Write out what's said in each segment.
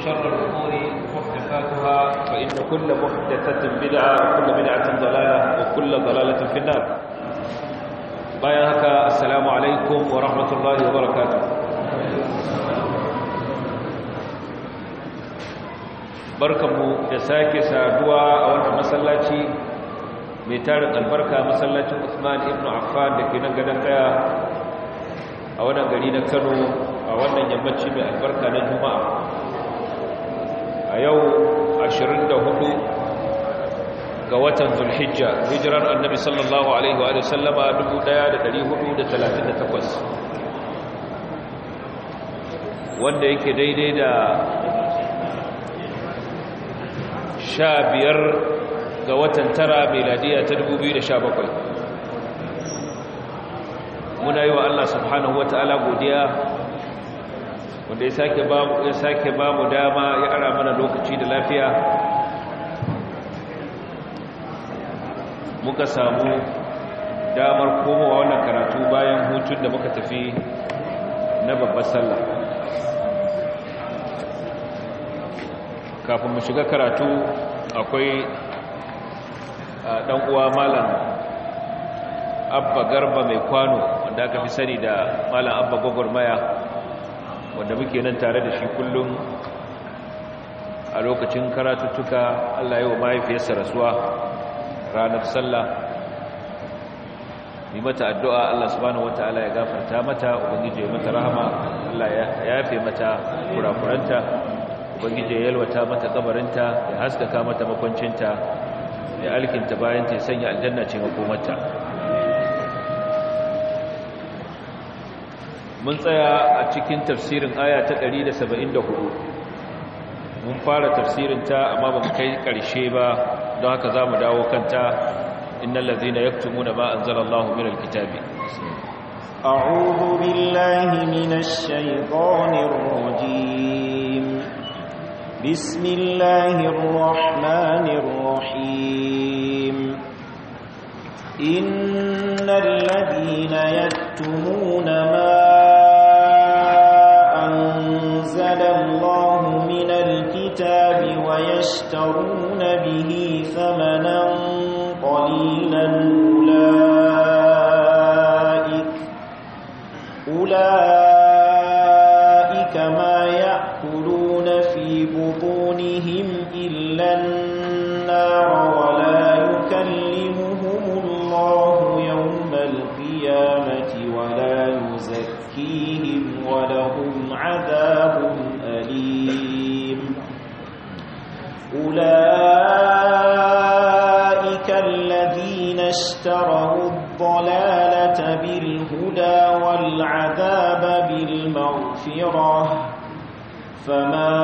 وشر الأمور محدثاتها فإن كل محدثة بدعة وكل بدعة ضلالة وكل ضلالة في النار بايا السلام عليكم ورحمة الله وبركاته barkanmu da sake saduwa a wannan masallaci mai tarin albarka masallacin Usman ibn Affan da ke nan gadon kaya a wannan gari na Kano a wannan yammaci mai albarka na Juma'a a yau 24 ga watan zulhijja hijirar annabi sallallahu alaihi wa sallama 1438 wanda yake daidai da sha biyar ga watan tara meladiya ta 2017 muna yi wa Allah subhanahu wa ta'ala godiya wanda ya sake bamu ya sake babu dama ya ara mana lokaci da lafiya muka samu damar komowa wannan karatu bayan hutun da muka tafi na babbar sallah kafin mu shiga karatu akwai dan uwa malam abba garba mai kwano wanda aka fi sani da malam abba maya wanda muke nan tare da shi kullum a lokacin karatuttuka Allah yi wa mahaifiyarsa rasuwa ranar sallah yi mata addu'a Allah subhanahu ala ya gafarta mata ubangiji ya mata rahama Allah ya yafe mata kurakuranta ubangiji ya yalwata mata kabarinta ya haskaka mata makwancinta ya alkinta bayan ta sanya aljanna ce makomata mun tsaya a cikin tafsirin aya ta 174 mun fara tafsirin ta amma ba mu kai ƙarshe ba don haka za mu dawo kanta innal ladzina yaktumuna ma anzalallahu minal kitabi أعوذ بالله من الشيطان الرجيم بسم الله الرحمن الرحيم إن الذين يكتمون ما يشترون به اشتروا الضلالة بالهدى والعذاب بالمغفرة فما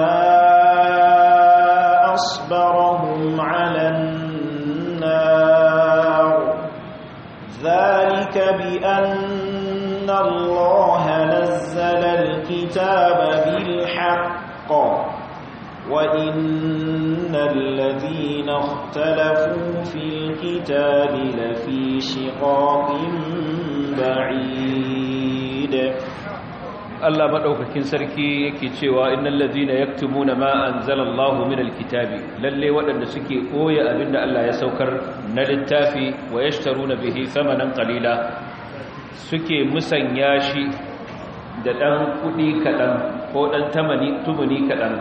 أصبرهم على النار ذلك بأن الله نزل الكتاب بالحق وإن الذين اختلفوا الكتاب لفي شقاق بعيد Allah maɗaukakin sarki yake cewa innal ladhina yaktumuna ma anzalallahu minal kitabi lalle waɗanda suke koya abinda Allah ya saukar na littafi wa bihi thamanan qalila suke musanya shi da dan kudi kadan ko dan tamani tumuni kadan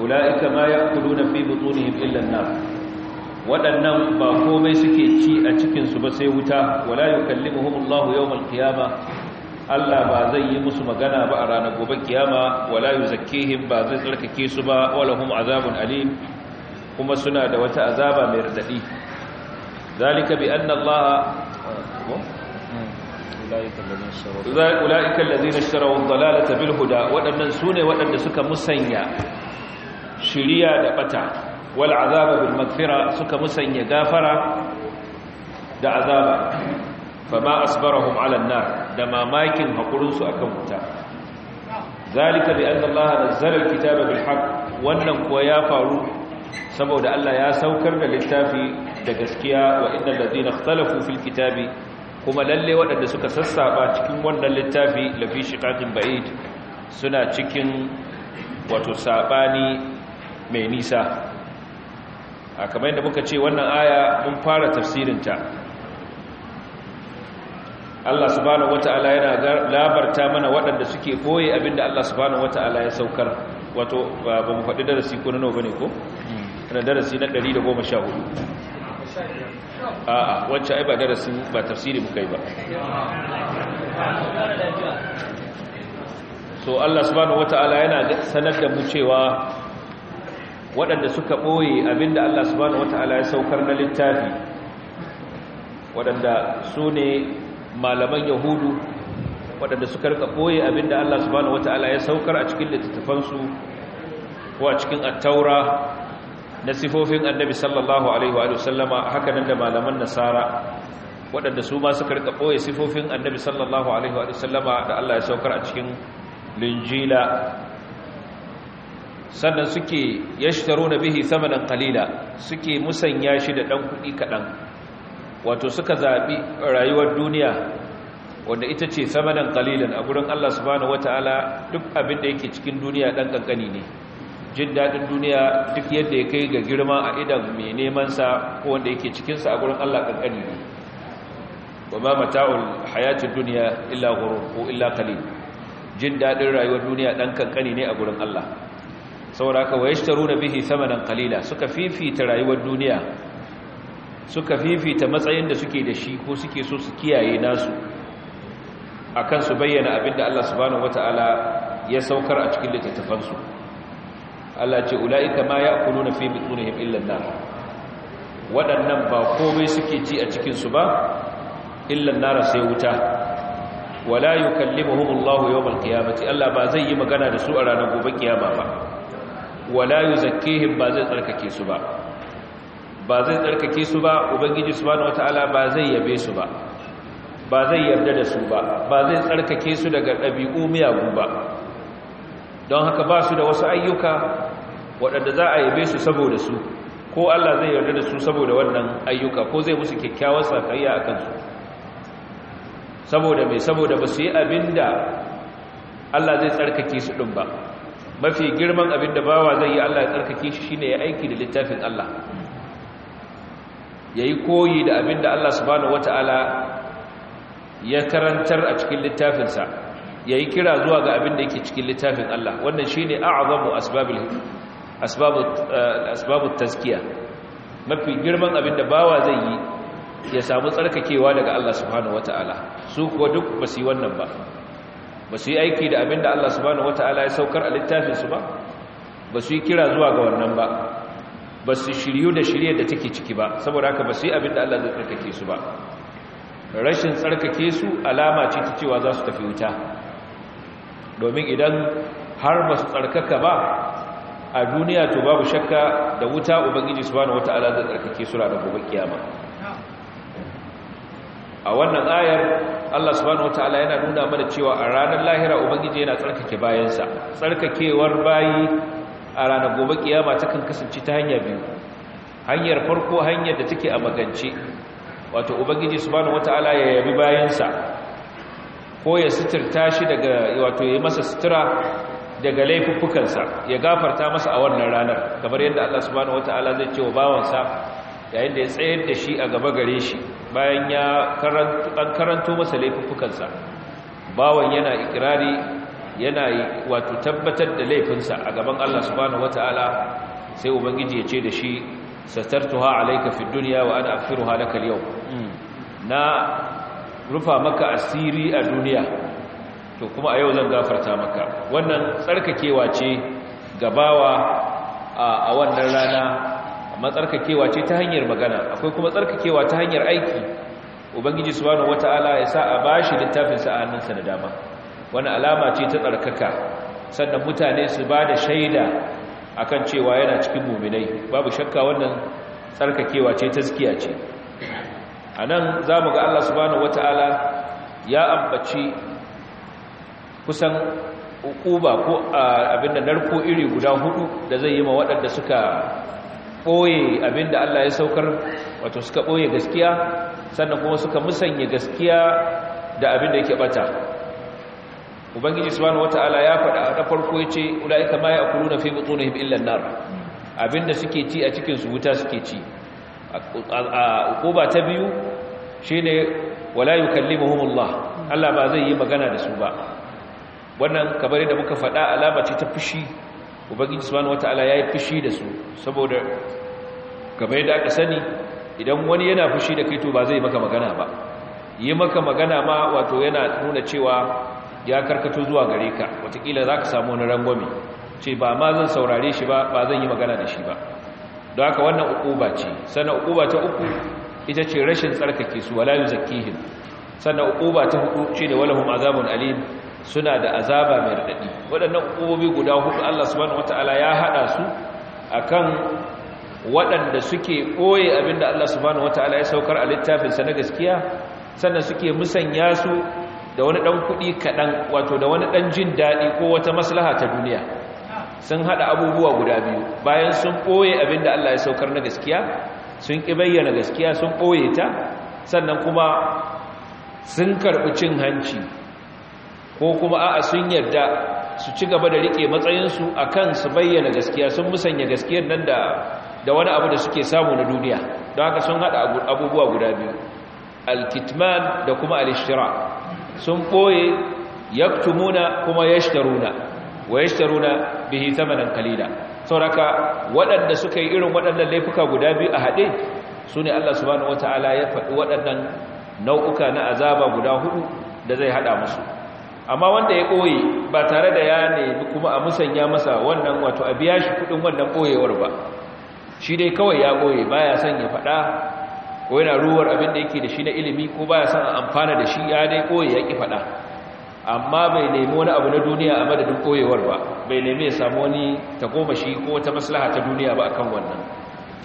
ulaika ma yaquluna fi butunihim illa an-nar waɗannan ba komai suke ci a cikinsu ba sai wuta wala yi kallimuhumullahu yau malkiyama Allah ba zai yi musu magana ba a ranar gobe kiyama wala yi zakkihim ba zai tsarkake su ba wala hum azabun alim kuma suna da wata azaba mai radadi zalika bi anna Allah ulaika allazina ishtaraw ad-dalalata bil huda waɗannan ne waɗanda suka musanya shiriya da bata wal azaba magfira suka musanya gafara da azaba fama asbarahum nar da mamakin haƙurinsu a akan wuta zalika bi anna Allah nazzala al kitaba wannan kuwa ya faru saboda Allah ya saukar da littafi da gaskiya wa innal ladina ikhtalafu fil kitabi kuma lalle waɗanda suka sassaɓa cikin wannan littafi lafi shiqaqin ba'id suna cikin wato saɓani mai nisa a kamar yadda muka ce wannan aya mun fara tafsirinta Allah subhanahu wata'ala yana labarta mana waɗanda suke koyi abinda Allah subhanahu wata'ala ya saukar wato ba mu faɗi darasi ko na nawa bane ko na darasi na 114 a'a wacce ai ba darasi ba tafsiri muka yi ba so Allah subhanahu wata'ala yana sanar da mu cewa waɗanda suka ɓoye abinda Allah subhanahu wata'ala ya saukar na littafi waɗanda su ne malaman yahudu waɗanda suka rika ɓoye abinda Allah subhanahu wata'ala ya saukar a cikin littattafansu ko a cikin attaura na sifofin annabi sallallahu alaihi wa sallama haka nan da malaman nasara waɗanda su ma suka rika ɓoye sifofin annabi sallallahu alaihi wa sallama da Allah ya saukar a cikin linjila sannan suke na bihi samanin kalila suke musanya shi da ɗan kuɗi kaɗan, wato suka zaɓi rayuwar duniya wanda ita ce samanin kalilan a gudun Allah subhanahu wataala duk abin da yake cikin duniya ɗan ƙanƙani ne jin daɗin duniya duk yadda ya kai ga girma a idan mai neman sa ko wanda yake cikin sa a gudun Allah ƙanƙani ne ma mata'ul hayatun duniya illa ghurur ko illa kalil jin daɗin rayuwar duniya ɗan ƙanƙani ne a gudun Allah saboda haka wa yashtaruna bihi samanan qalila suka fifita rayuwar duniya suka fifita matsayin da suke da shi ko suke so su kiyaye nasu akan su bayyana abinda Allah subhanahu wataala ya saukar a cikin littattafansu Allah ce ulaika ma ya'kuluna fi butunihim illa an-nar waɗannan ba komai suke ci a cikin su ba illa an-nar sai wuta wala yukallimuhumullahu yawmal qiyamati Allah ba zai yi magana da su a ranar gobe kiyama ba wala yuzakkihim ba zai tsarkake su ba ba zai tsarkake su ba ubangiji subhanahu wataala ba zai yabe su ba ba zai yarda da su ba ba zai tsarkake su daga ɗabi'u miyagu ba don haka ba su da wasu ayyuka waɗanda za a yabe su saboda su ko Allah zai yarda da su saboda wannan ayyuka ko zai musu kyakkyawar sakayya a kansu saboda mai saboda ba su yi abin da Allah zai tsarkake su ɗin ba mafi girman abin da bawa zai yi Allah ya tsarkake shi shine ya aiki da littafin Allah yayi koyi da abin da Allah subhanahu wataala ya karantar a cikin littafinsa yayi kira zuwa ga abin da yake cikin littafin Allah wannan shine a'zamu asbabil asbabu eh, asbabu tazkiya mafi girman abin da bawa zai yi ya samu tsarkakewa daga Allah subhanahu wataala su kuwa duk basu yi wannan ba ba su yi aiki da abin da Allah subhanahu ala ya saukar a littafinsu ba ba su yi kira zuwa ga wannan ba ba su shiryu da shirye da take ciki ba saboda haka ba su yi abin da Allah zai tsarkake su ba rashin tsarkake su alama ce ta cewa za su tafi wuta domin idan har ba su tsarkaka ba a duniya to babu shakka da wuta ubangiji subhanahu wata'ala zai tsarkake su ranar gobe kiyama a wannan ayar Allah subhanahu wataala yana nuna mana cewa a ranar lahira ubangiji yana tsarkake bayansa tsarkakewar bayi a ranar gobe kiyama takan kasance ta hanya biyu hanyar farko hanyar da take a magance wato ubangiji subhanahu wataala ya yabi bayansa ko ya suturta shi daga wato ya masa sutura daga laifuffukansa ya gafarta masa a wannan ranar kamar yadda Allah subhanahu wataala zai ce wa bawansa yayin da ya tsayar da shi a gaba gare shi bayan ya karanto masa laifuffukansa bawan yana ikirari yana wato tabbatar da laifinsa a gaban Allah subhanahu wataala sai ubangiji ya ce da shi satartuha alayka fid dunya wa ana aghfiruha laka al hmm. na rufa maka asiri a duniya to kuma a yau zan gafarta maka wannan tsarkakewa ce gabawa a wannan rana amma tsarkakewa ce ta hanyar magana akwai kuma tsarkakewa ta hanyar aiki ubangiji subhanahu wataala ya sa a bashi littafin sa a da dama wani alama ce ta tsarkaka sannan mutane su ba da shaida akan cewa yana cikin muminai babu shakka wannan tsarkakewa ce taskiya ce a nan za mu ga allah subhanahu wataala ya ambaci kusan ukuba ko abin da narko iri guda hudu da zai yi ma waɗanda suka ɓoye abinda Allah ya saukar wato suka ɓoye gaskiya sannan kuma suka musanya gaskiya da abinda yake ɓata. ubangiji subhanahu wataala ya faɗa a farko ce ulaika ma na fi butunihim illa an-nar abinda suke ci a cikin su wuta suke ci a ba ta biyu shine wala yukallimuhumullah Allah ba zai yi magana da su ba wannan kamar yadda muka faɗa alama ce ta fushi ubangiji subhanahu ya yi fushi da su saboda kamar yadda aka sani idan wani yana fushi da kai to ba zai maka magana ba yi maka magana ma wato yana nuna cewa ya karkato zuwa gare ka watakila za ka samu wani rangwame ce ba ma zan saurare shi ba ba zan yi magana da shi ba don haka wannan ukuba ce sannan ukuba ta uku ita ce rashin tsarkake su wala yuzakkihim sannan ukuba ta hudu ce da walahum azabun alim suna da azaba mai radadi waɗannan ƙobi guda hudu Allah subhanahu wataala ya hada su akan waɗanda suke koye abinda Allah subhanahu wataala ya saukar a littafin sa na gaskiya sannan suke musanya su da wani dan kuɗi kaɗan wato da wani dan jin daɗi ko wata maslaha ta duniya sun hada abubuwa guda biyu bayan sun koye abinda Allah ya saukar na gaskiya sun ki bayyana gaskiya sun koye ta sannan kuma sun karɓi cin hanci ko kuma a'a sun yarda su ci gaba da rike matsayinsu akan su bayyana gaskiya sun musanya gaskiyar nan da wani abu da suke samu na duniya don haka sun haɗa abubuwa guda biyu alkitman da kuma alishtira sun boye yaktumuna kuma yashtaruna wa yashtaruna bihi thamanan qalila sauraka waɗanda suka yi irin waɗannan laifuka guda biyu a haɗe su ne Allah subhanahu wataala ya faɗi waɗannan nau'uka na azaba guda hudu da zai haɗa musu amma wanda ya ɓoye ba tare da ya nemi kuma a musanya masa wannan wato a biya shi kudin wannan koyewar ba shi dai kawai ya ɓoye ba ya son ya faɗa ko yana ruwar abin da yake da shi na ilimi ko ba ya son amfana da shi ya dai ɓoye ya ƙi faɗa amma bai nemi wani abu na duniya a madadin koyewar ba bai nemi ya samu wani ta shi ko wata maslaha ta duniya ba akan wannan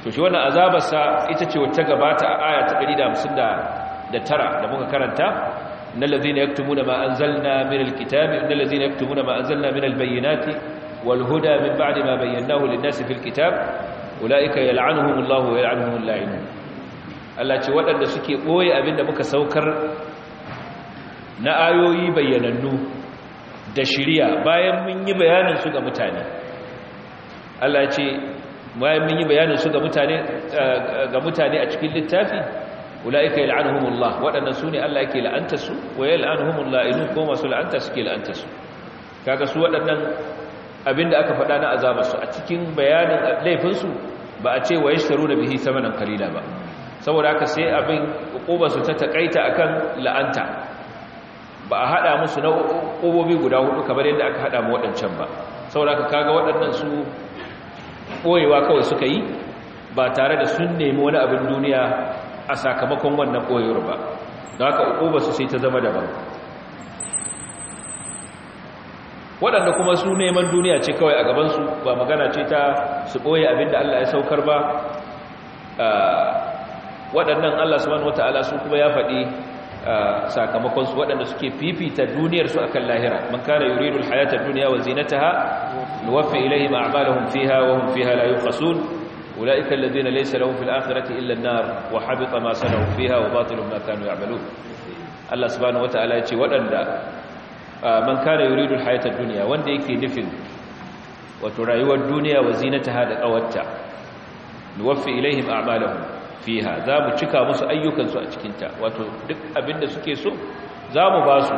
to shi wannan azabarsa ita ce wacce gabata a aya ta 159 da muka karanta إن الذين يكتمون ما أنزلنا من الكتاب إن الذين يكتمون ما أنزلنا البينات والهدى من بعد ما بيناه للناس في الكتاب أولئك يلعنهم الله ويلعنهم اللاعنون ce waɗanda suke ɓoye abinda muka saukar na ayoyi bayyanannu da shirya bayan mun yi bayanin ga mutane Allah ce bayan mun yi ga mutane a cikin littafi ulaika yal'anuhumullah wadannan sune Allah yake la'anta su wa yal'anuhumul la'inun ko masu la'anta suke la'anta su kaga su wadannan abinda aka faɗa na azaba su a cikin bayanin laifin su ba a ce wa da bihi samanan kalila ba saboda haka sai abin hukubar su ta takaita akan la'anta ba a hada musu na hukubobi guda hudu kamar yadda aka hada mu wadancan ba saboda haka kaga wadannan su boyewa kawai suka yi ba tare da sun nemi wani abin duniya a sakamakon wannan koyar ba da aka uquba su sai ta zama daban waɗanda kuma su neman duniya ce kawai a gabansu ba magana ce ta su ɓoye abinda Allah ya saukar ba waɗannan Allah subhanahu wata'ala su kuma ya faɗi sakamakon su waɗanda suke fifita duniyar su akan lahira man kana yuridu duniya, ad-dunya wa zinataha nuwaffi ilayhim a'malahum fiha wa hum fiha la yubkhasun أولئك الذين ليس لهم في الآخرة إلا النار وحبط ما صنعوا فيها وباطل ما كانوا يعملون الله سبحانه وتعالى يتي ودن من كان يريد الحياة الدنيا وان يكي نفل وترأيوا الدنيا وزينتها لقوتا نوفي إليهم أعمالهم فيها ذا متشكى مسو أيوكا سوء تكنتا وتدق أبن سكي سوء ذا مباسو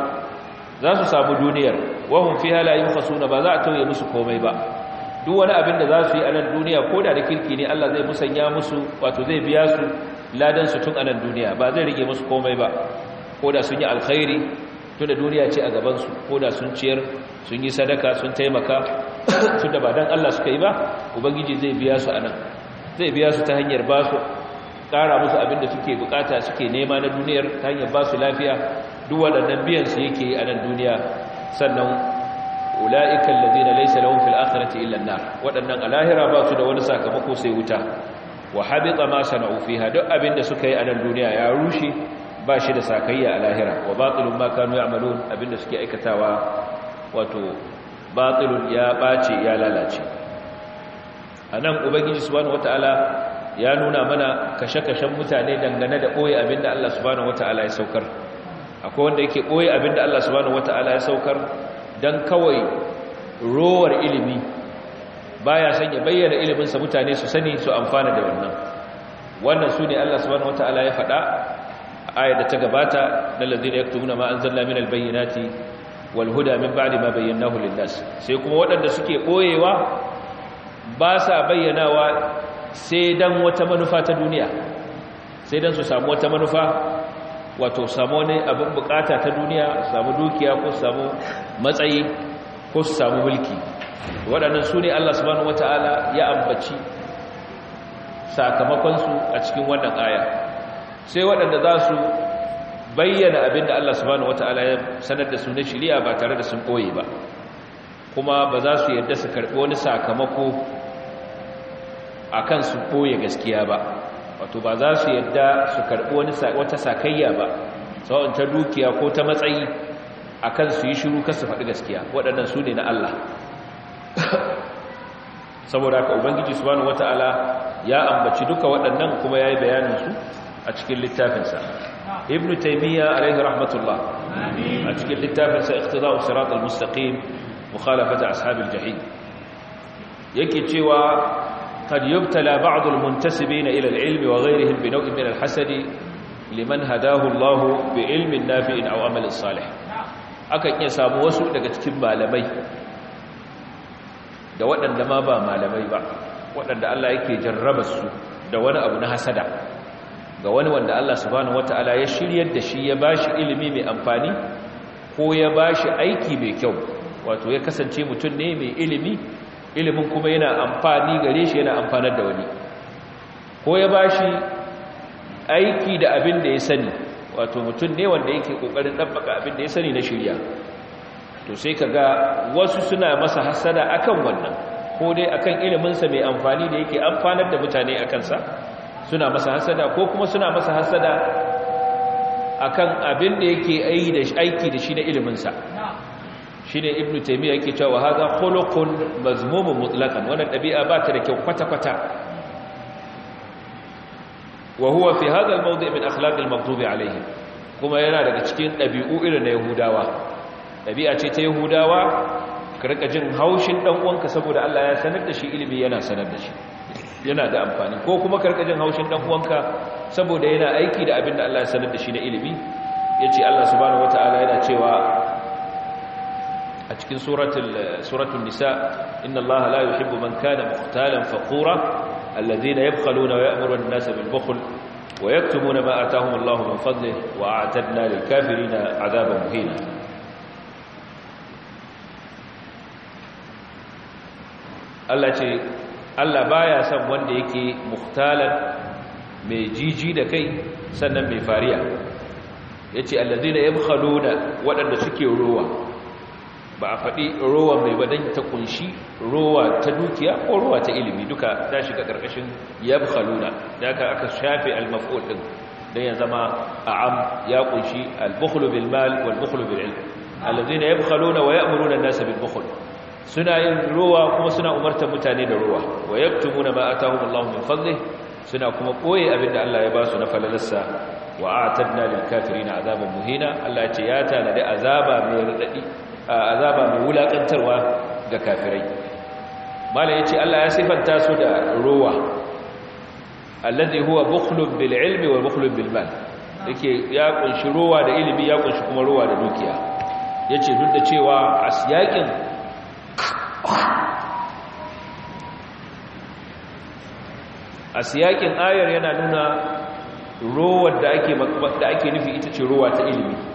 ذا سساب دنيا وهم فيها لا ينقصون بذا أتوي مسو كومي بأ duk wani abin da za su yi anan duniya ko da da kirki ne Allah zai musanya musu wato zai biya su ladan su tun anan duniya ba zai rige musu komai ba ko da sun yi alkhairi tun da duniya ce a gabansu ko da sun ciyar sun yi sadaka sun taimaka tun da ba don Allah suka yi ba ubangiji zai biya su a zai biya su ta hanyar ba su kara musu abin da suke bukata suke nema na duniyar ta hanyar ba su lafiya duk waɗannan biyan su yake a nan duniya sannan ula'ikan ladina laysa lahum fil na illa an-nar wadannan alahira ba su da wani sakamako sai wuta wa habita ma sana'u fiha duk abinda suka yi a nan duniya ya rushe ba shi da sakayya a lahira wa batilun ma kanu ya'malun abinda suke aikatawa wato ya bace ya lalace anan ubangiji subhanahu wataala ya nuna mana kashe-kashen mutane dangane da abin da Allah subhanahu wataala ya saukar akwai wanda yake boye da Allah subhanahu wataala ya saukar don kawai rowar ilimi baya san ya bayyana iliminsa mutane su sani su amfana da wannan wannan su ne Allah subhanahu wataala ya faɗa ayar da ta gabata na ladina yaktumuna ma anzalna minal bayyinati wal huda min ba'di ma bayyanahu lin nas sai kuma waɗanda suke boyewa ba sa bayyanawa sai dan wata manufa ta duniya sai dan su samu wata manufa wato samu ne abin bukata ta duniya samu dukiya ko samu matsayi ko samu mulki waɗannan su ne Allah subhanahu wata'ala ya ambaci sakamakonsu a cikin wannan aya sai waɗanda za su bayyana abin da Allah subhanahu wata'ala ya sanar da su na shari'a ba tare da sun koye ba kuma ba za su yadda su karɓi wani sakamako a kan su koye gaskiya ba wato ba za su yadda su karɓi wani wata sakayya ba sawa'un ta dukiya ko ta matsayi akan su yi shiru kar su faɗi gaskiya waɗannan su ne na Allah saboda haka ubangiji subhanahu wataala ya ambaci duka waɗannan kuma ya bayanin su a cikin littafinsa ibn taymiya alayhi rahmatullah a cikin littafinsa iqtida'u siratal mustaqim mukhalafata ashabil jahim yake cewa قد يبتلى بعض المنتسبين إلى العلم وغيرهم بنوع من الحسد liman hadahu Allah bi ilmin nafi'in aw amalin salih akan iya samu wasu daga cikin malamai da waɗanda ma ba malamai ba waɗanda Allah yake jarraba su da wani abu na hasada ga wani wanda Allah subhanahu wataala ya shiryar da shi ya bashi ilimi mai amfani ko ya bashi aiki mai kyau wato ya kasance mutum ne mai ilimi ilimin kuma yana amfani gare shi yana amfanar da wani ko ya bashi aiki da abin da ya sani wato mutum ne wanda yake kokarin dabbaka abin da ya sani na shirya to sai kaga wasu suna masa hasada akan wannan ko dai akan iliminsa mai amfani da yake amfanar da mutane a kansa suna masa hasada ko kuma suna masa hasada akan abin da yake aiki da shi na iliminsa ne Ibn taymiya yake cewa hadha khuluqun mazmumun mutlaqan wannan ɗabi'a ba ta da kyau kwata kwata wa huwa fi hadha al-mawdi' min akhlaq al-maghdubi alayhi kuma yana daga cikin ɗabi'u irin na yahudawa Ɗabi'a ce ta yahudawa ka rika jin haushin dan uwanka saboda Allah ya sanar da shi ilimi yana sanar da shi yana da amfani ko kuma ka rika jin haushin dan uwanka saboda yana aiki da abin da Allah ya sanar da shi na ilimi yace Allah subhanahu wataala yana cewa a cikin suratun nisa inna allaha la yuhibbu man kana mukhtalan fakhura alladhina yabkhaluna wa ya'muruna an-nasa bil bukhl wa yaktumuna ma ataahum allahu min fadlihi wa a'tadna lil kafirina 'adaban muhina Allah ce Allah baya son wanda yake mukhtalan mai jiji da kai sannan mai fariya yace alladhina yabkhaluna wadanda suke ruwa ba a faɗi rowa mai badan ta kunshi rowa ta dukiya ko rowa ta ilimi duka ta shiga ƙarƙashin yabkhaluna da aka aka shafe al-maf'ul ya zama am ya kunshi al-bukhlu mal wal bukhlu bil ilm alladhina wa ya'muruna an-nasa bil bukhl suna yin rowa kuma suna umartar mutane da rowa wa yaktumuna ma atahum Allah min fadlih suna kuma koye abinda Allah ya ba su na falalarsa wa a'tadna lil kafirin azaban muhina Allah ya ce ya tanadi azaba mai radadi azaba mai wulakantarwa ga kafirai malam ce Allah ya sifanta su da ruwa alladhi huwa bukhlun bil ilmi wa bukhlun bil mal yake ya kunshi ruwa da ilimi ya kunshi kuma ruwa da dukiya yace duk da cewa a asyakin ayar yana nuna ruwar da ake da ake nufi ita ce ruwa ta ilimi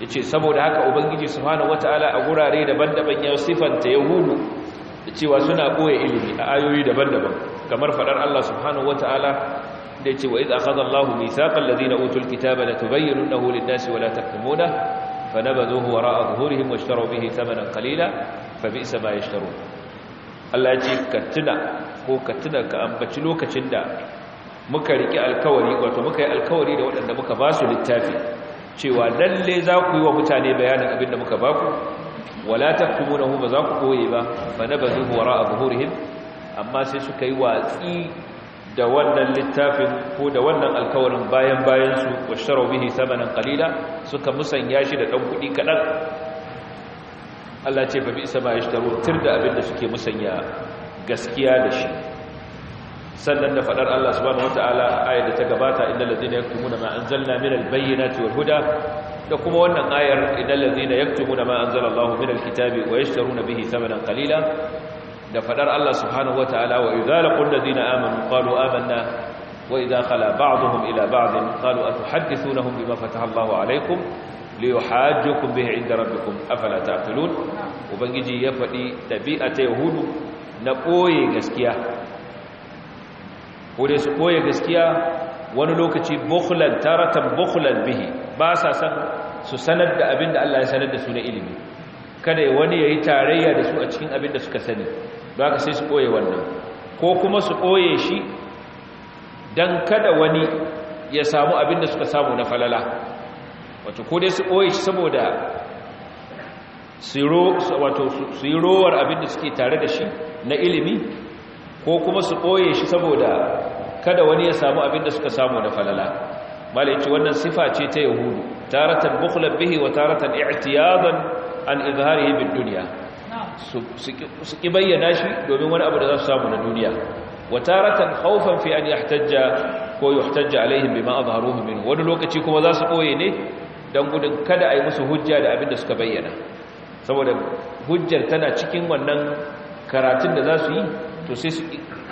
yace saboda haka ubangiji subhanahu wataala a gurare daban-daban ya sifanta yahudu cewa suna koye ilimi a ayoyi daban-daban kamar fadar Allah subhanahu wataala da yace wa idh akhadha Allahu mithaqal na utul kitaba latubayyinunahu lin-nasi wa la taktumuna fanabadhuhu wara'a dhuhurihim washtaru bihi fa thamanan isa ba ya yashtarun Allah ya ce ka tuna ko ka tuna ka ambaci lokacin da muka riƙe alkawari wato muka yi alkawari da waɗanda muka ba su littafi cewa lalle za ku yi wa mutane bayanin abin da muka baku wala na ba za ku koye ba fa nabazuhu a buhurihim amma sai suka yi watsi da wannan littafin ko da wannan alkawarin bayan bayansu su washtaraw bihi samanan qalila suka musanya shi da ɗan kuɗi kaɗan. Allah ce fa bi isa ma yashtaru tirda abin da suke musanya gaskiya da shi sannan da fadar Allah subhanahu wataala ayar da ta gabata innal ladina yaktumuna ma anzalna minal bayyinati wal huda da kuma wannan ayar innal ladina kuma ma anzala Allahu minal kitabi wa yashtaruna bihi thamanan qalila da fadar Allah subhanahu wataala wa idza laqul ladina amanu qalu amanna wa idza khala ba'dhum ila ba'd qalu atuhaddithunahum bima fataha Allahu alaykum liyuhajjukum bihi inda rabbikum afala ta'qilun ubangiji ya fadi dabi'ata yahudu na boye gaskiya ko dai su koya gaskiya wani lokaci bukhlan taratan bukhlan bihi ba sa san su sanar da abin da Allah ya sanar da su na ilimi kada wani yayi tarayya da su a cikin abin da suka sani don haka sai su koye wannan ko kuma su koye shi dan kada wani ya samu abin da suka samu na falala wato ko dai su koye shi saboda su yi rowar abin da suke tare da shi na ilimi ko kuma su koye shi saboda kada wani ya samu abin da suka samu da falala malai ce wannan sifa ce ta yahudu taratan bukhlan bihi wa taratan i'tiyadan an izharihi bid dunya su ki bayyana shi domin wani abu da za su samu na duniya wa taratan khawfan fi an yahtajja ko yuhtajja alaihim bima azharuhu min. wani lokaci kuma za su boye ne dan gudun kada a yi musu hujja da abin da suka bayyana saboda hujjar tana cikin wannan karatun da za su yi to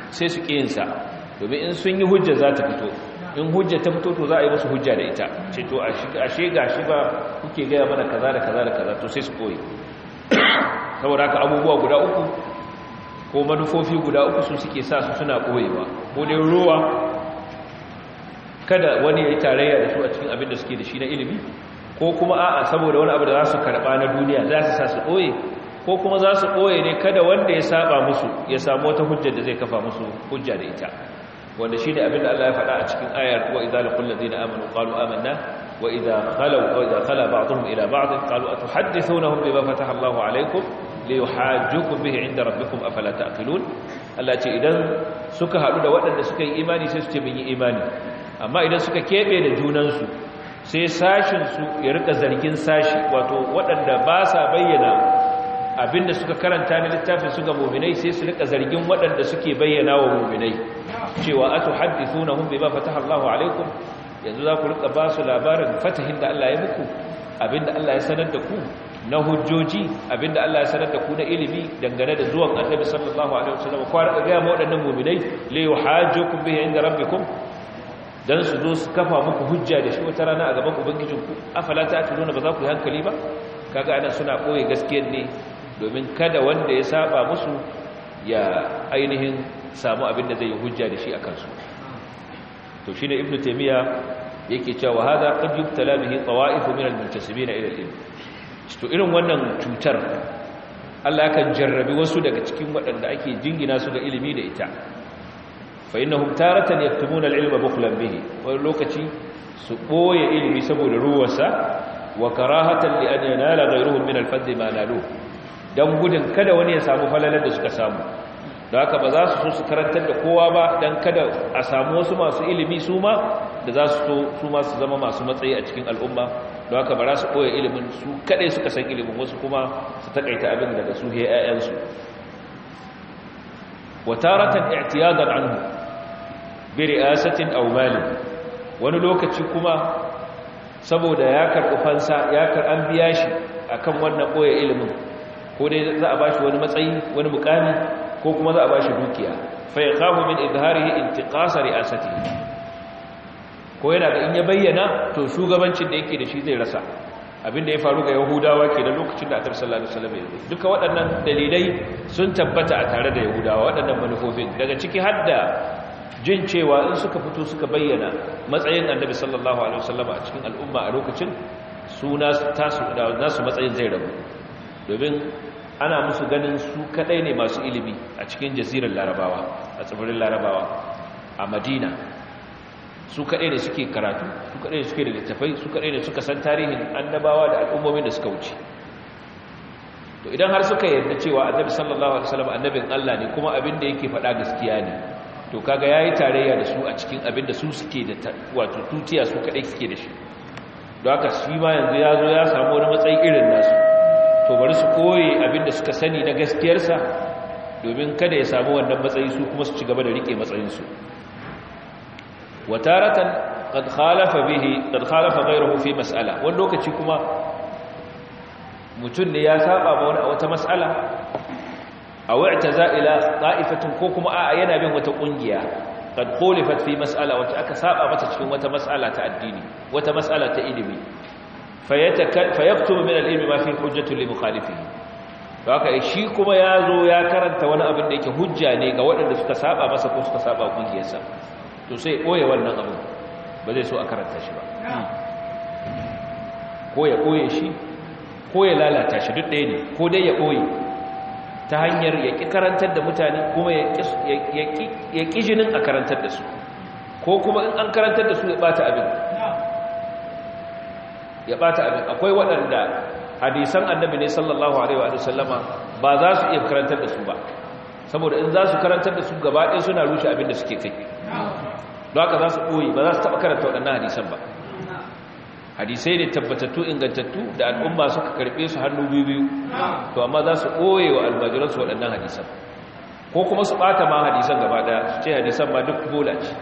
sai su ƙi yinsa domin in sun yi hujja za ta fito in hujja ta fito to za a yi musu hujja da ita ce to a ga shi ba kuke gaya mana kaza da kaza da kaza to sai su koyi saboda haka abubuwa guda uku ko manufofi guda uku su suke sa su suna koyewa ko dai ruwa kada wani ya yi tarayya da su a cikin abin da suke da shi na ilimi ko kuma a'a saboda wani abu da za su karɓa na duniya za su sa su koye ko kuma za su koye ne kada wanda ya saba musu ya samu wata hujjar da zai kafa musu hujja da ita wanda shine abin da Allah ya faɗa a cikin ayar wa idza laqul ladina amanu qalu amanna wa idza khalu wa idza khala ba'dhum ila ba'd qalu atuhaddithunahum bima fataha Allahu alaykum liyuhajjukum bihi 'inda rabbikum afala ta'qilun Allah ce idan suka haɗu da waɗanda suka yi imani sai su ce bin yi imani amma idan suka keɓe da junansu sai su ya rika zargin sashi wato waɗanda ba sa bayyana abinda suka karanta na littafin su ga mominai sai su rika zargin waɗanda suke bayyana wa muminai cewa atuhaddithunahum bima fataha Allahu alaikum yanzu za ku rika ba su labarin fatahin da Allah ya muku abinda Allah ya sanar da ku na hujjoji abinda Allah ya sanar da ku na ilimi dangane da zuwan Annabi sallallahu alaihi wasallam ku rika ga ma waɗannan mu'minai la yuhajjukum bihi inda rabbikum dan su zo su kafa muku hujja da shi wata rana a gaban ubangijinku afala ta'qiluna ba za ku yi hankali ba kaga ana suna koye gaskiyar ne domin kada wanda ya saba musu ya ainihin samu abin da zai yi hujja da shi a kansu to shi ne ibn taimiyya yake cewa haza qad yubtala bihi tawa'ifu min al-muntasibina ila al-ilm to irin wannan cutar Allah kan jarrabi wasu daga cikin waɗanda ake jingina su ga ilimi da ita fa innahum taratan yaktumuna al-ilma bukhlan bihi wani lokaci su boye ilimi saboda ruwarsa wa karahatan li an yanala ghayruhum min al-fadl ma dan gudun kada wani ya samu falalar da suka samu da haka ba za su so su karantar da kowa ba don kada a samu wasu masu ilimi su ma da za su so su ma su zama masu matsayi a cikin al'umma da haka ba za su koya ilimin su kaɗai suka san ilimin wasu kuma su takaita abin daga su he 'ya'yansu wataratan i'tiyadan anhu bi ri'asatin aw mali wani lokaci kuma saboda ya karɓi fansa ya an biya shi akan wannan koya ilimin ko dai za a ba shi wani matsayi wani mukami ko kuma za a bashi dukiya fa yakhafu min idharihi intiqasa ri'asatihi ko yana da in ya bayyana to shugabancin da yake da shi zai rasa abinda ya faru ga yahudawa ke da lokacin da annabi sallallahu alaihi wasallam ya zo duka waɗannan dalilai sun tabbata a tare da yahudawa waɗannan manufofin daga ciki hadda jin cewa in suka fito suka bayyana matsayin annabi sallallahu alaihi wasallam a cikin al'umma a lokacin su nasu matsayin zai rabu domin ana musu ganin su kadai ne masu ilimi a cikin jazirar larabawa a tsibirin larabawa a madina su kadai ne suke karatu su kadai ne suke da littafai su kadai ne suka san tarihin annabawa da al'ummomin da suka wuce to idan har suka yarda cewa annabi sallallahu alaihi wasallam annabin Allah ne kuma abin da yake faɗa gaskiya ne to kaga yayi tarayya da su a cikin abin da su suke da wato tutiya su kadai suke da shi don haka shi ma yanzu ya zo ya samu wani matsayi irin nasu to bari su koye abinda suka sani na gaskiyarsa domin kada ya samu wannan matsayi su kuma su ci gaba da rike matsayinsu wataratan qad khalafa bihi qad khalafa ghayruhu fi mas'ala wani lokaci kuma mutum ne ya saba ba wani a wata mas'ala aw i'taza'ila qa'ifatin ko kuma a yana bin wata kungiya qad khulifat fi mas'ala wata aka saba mata cikin wata mas'ala ta addini wata mas'ala ta ilimi fayaktubu min al-ilmi ma fi hujjatu li mukhalifihi to haka shi kuma ya zo ya karanta wani abin da yake hujja ne ga waɗanda suka saba masa ko suka saba kungiyarsa to sai koye wannan abin ba zai so a karanta shi ba ko ya koye shi ko ya lalata shi duk ɗaya ne ko dai ya koye ta hanyar ya ƙi karantar da mutane kuma ya ƙi jinin a karantar da su ko kuma in an karantar da su ya bata abin ya bata abin akwai waɗanda hadisan annabi ne sallallahu alaihi wa sallama ba za su iya karantar da su ba saboda in za su karantar da su gaba ɗaya suna rushe abin da suke kai don haka za su ɓoye ba za su taɓa karanta waɗannan hadisan ba hadisai ne tabbatattu ingantattu da al'umma suka karɓe su hannu biyu biyu to amma za su ɓoye wa almajiransu waɗannan hadisan ko kuma su ɓata ma hadisan gaba ɗaya su ce hadisan ma duk bola ce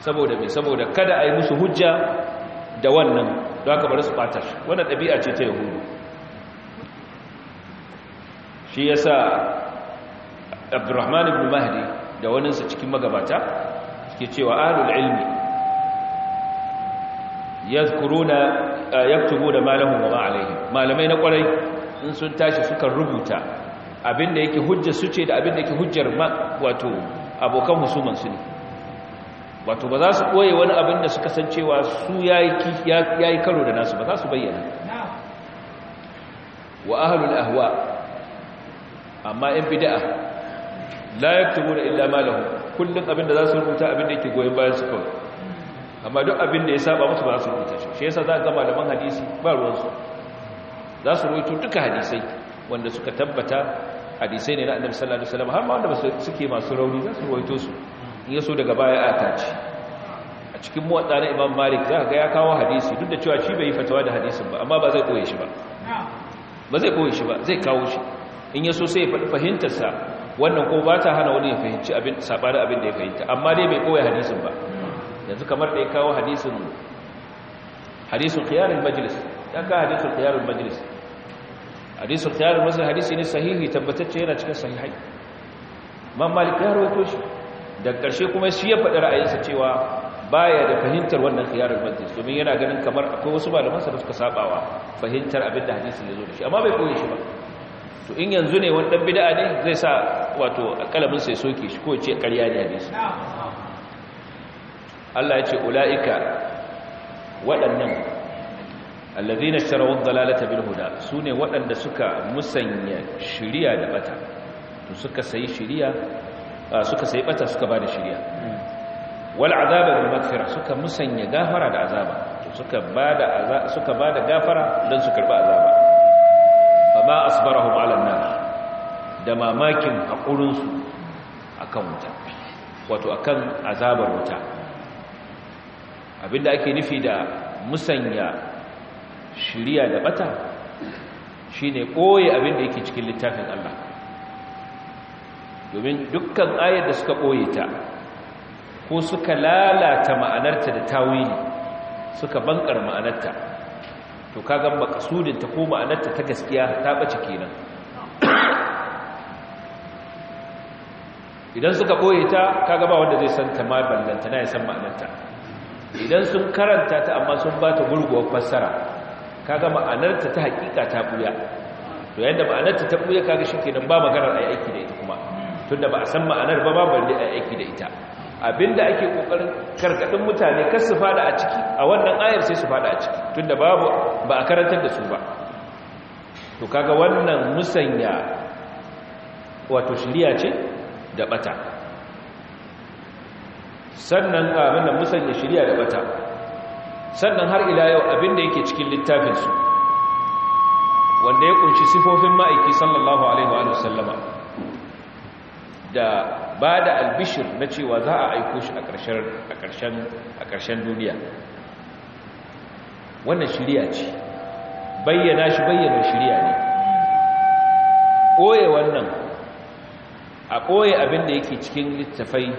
saboda mai saboda kada a yi musu hujja da wannan don haka bari su ɓata shi wannan ɗabi'a ce ta yahudu shi ya sa abdurrahman ibn mahdi da waninsa cikin magabata suke cewa ahlul ilmi yadhkuruna eh, yaktubuna da malamun wa ma'alai malamai na kwarai in sun tashi sukan rubuta abinda yake hujjar su ce da abinda yake hujjar ma wato abokan husuman su ne wato ba za su koye wani abin da suka san cewa su ya yi karo da nasu ba za su bayyana wa ahalul ahwa amma yan bida'a la yaktubu da illa ma lahu kullun abin da za su rubuta abin da yake goyen bayan su kawai amma duk abin da ya saba musu ba za su rubuta shi shi yasa za gama da man hadisi ba ruwansu za su rubuto duka hadisai wanda suka tabbata hadisai ne na annabi sallallahu alaihi wasallam har ma wanda suke masu rauni za su rubuto su in yaso daga baya a tace a cikin muwatta na imam malik za ga ya kawo hadisi duk da cewa shi bai yi fatawa da hadisin ba amma ba zai koye shi ba ba zai koye shi ba zai kawo shi in yaso sai ya faɗi fahimtarsa wannan ko ba ta hana wani ya fahimci abin saɓanin abin da ya fahimta amma dai bai koya hadisin ba yanzu kamar da ya kawo hadisin hadisin khiyarul majlis ya ka hadisin khiyarul majlis hadisin khiyarul majlis hadisi ne sahihi tabbatacce yana cikin sahihai man malik ya rawaito shi da ƙarshe kuma shi ya faɗi ra'ayinsa cewa baya da fahimtar wannan khiyarar majlis domin yana ganin kamar akwai wasu malaman sa suka sabawa fahimtar abin da hadisi ya zo da shi amma bai koyi shi ba to in yanzu ne wani dan bid'a ne zai sa wato kalamin sai soke shi ko ya ce ƙarya ne hadisi Allah ya ce ulaika waɗannan alladhina ishtaraw ad-dalalata bil huda sune waɗanda suka musanya shiriya da bata to suka sayi shiriya suka sai bata suka bada shiriya wal azaba bil maghfira suka musanya gafara da azaba suka bada suka bada gafara dan su karba azaba ba asbarahum ala an-nar da mamakin hakurin su akan wuta wato akan azabar wuta abinda ake nufi da musanya shiriya da bata shine koyi abinda yake cikin littafin Allah domin dukkan ayar da suka ɓoye ta ko suka lalata ma'anarta da tawili suka bankar ma'anarta to kagan makasudinta ko ma'anarta ta gaskiya ta ɓace kenan idan suka ɓoye ta kaga ba wanda zai san ta ma ballanta na ya san ma'anarta idan sun karanta ta amma sun ba ta gurguwar fassara kaga ma'anarta ta hakika ta ɓuya to yadda ma'anarta ta ɓuya kaga shi kenan ba maganar a aiki da ita kuma tunda ba a san ma'anar ba ba balle a aiki da ita abinda ake kokarin karkadin mutane kar su fada a ciki a wannan ayar sai su fada a ciki tunda babu ba a karantar da su ba to kaga wannan musanya wato shiriya ce da bata sannan abinda ah, musanya shiriya da bata sannan har ila yau abinda yake cikin littafinsu wanda ya kunshi sifofin ma'aiki sallallahu alaihi wa sallama da ba da albishir na cewa za a aiko shi a ƙarshen duniya wannan shirya ce bayyana shi bayyana shirya ne ɓoye wannan a ɓoye abin da yake cikin littafai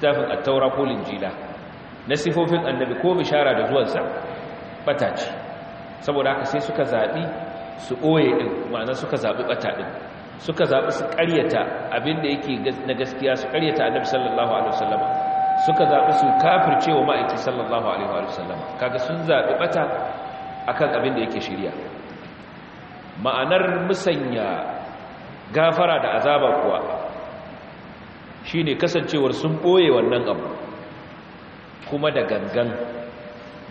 tafin a taura kolin jila na sifofin annabi ko bishara da zuwansa ɓata ce saboda haka sai suka zaɓi su ɓoye ɗin ma'ana suka zaɓi ɓata ɗin suka zaɓi su ƙaryata abinda yake na gaskiya su ƙaryata annabi sallallahu alaihi wasallama suka zaɓi su kafirce wa ma'aiki sallallahu alaihi wasallama kaga sun zaɓi bata akan abinda yake shirya ma'anar musanya gafara da azaba kuwa shine kasancewar sun ɓoye wannan abu kuma da gangan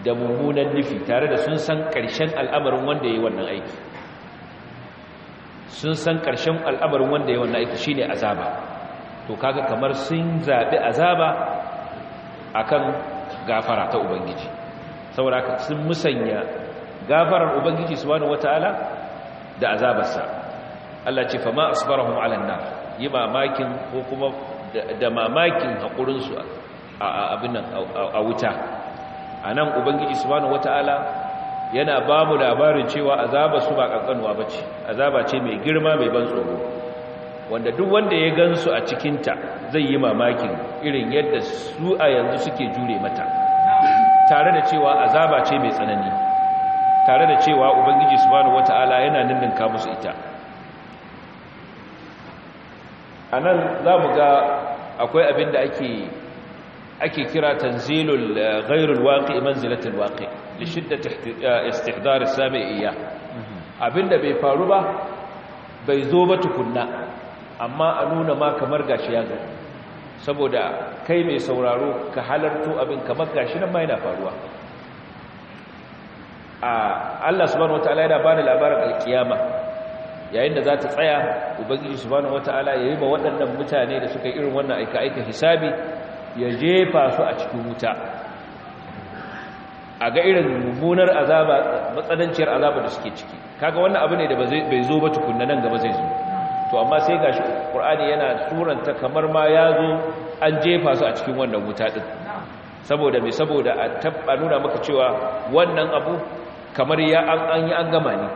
da mummunan nufi tare da sun san ƙarshen al'amarin wanda ya yi wannan aiki sun san ƙarshen al'amarin wanda ya wannan aiki ne azaba to kaga kamar sun zaɓi azaba akan gafara ta ubangiji saboda haka sun musanya gafarar ubangiji su wani wataala da azabarsa Allah ce fama asibarahun ala yi mamakin ko kuma da mamakin haƙurinsu a a wuta anan ubangiji wani wataala yana ba mu labarin cewa azaba su ba kankanuwa ce, azaba ce mai girma mai ban tsoro wanda duk wanda ya gan su a cikinta zai yi mamakin irin yadda su a yanzu suke jure mata tare da cewa azaba ce mai tsanani tare da cewa ubangiji subhanahu wata'ala yana ninninka musu ita a nan za mu ga akwai abin da ake ake kira tanzilul eh, ghairul waqi manzilatul waqi' li shidda eh, istihdar as-sami'iyya abinda bai faru ba bai zo ba tukunna amma a nuna ma kamar gashi ya zo saboda kai mai sauraro ka halarto abin kamar gashi nan ma yana faruwa a Allah subhanahu wataala yana bani labarin alkiyama yayin da za ta tsaya ubangiji subhanahu wataala yi ba waɗannan mutane da suka irin wannan aika aika hisabi ya jefa su a cikin wuta a ga irin mummunar azaba matsananciyar azaba da suke ciki kaga wannan abu ne da bai zo ba tukunna nan gaba zai zo to amma sai gashi qur'ani yana suranta kamar ma ya zo an jefa su a cikin wannan wuta din saboda me saboda a tabba nuna maka cewa wannan abu kamar ya an yi an gama ne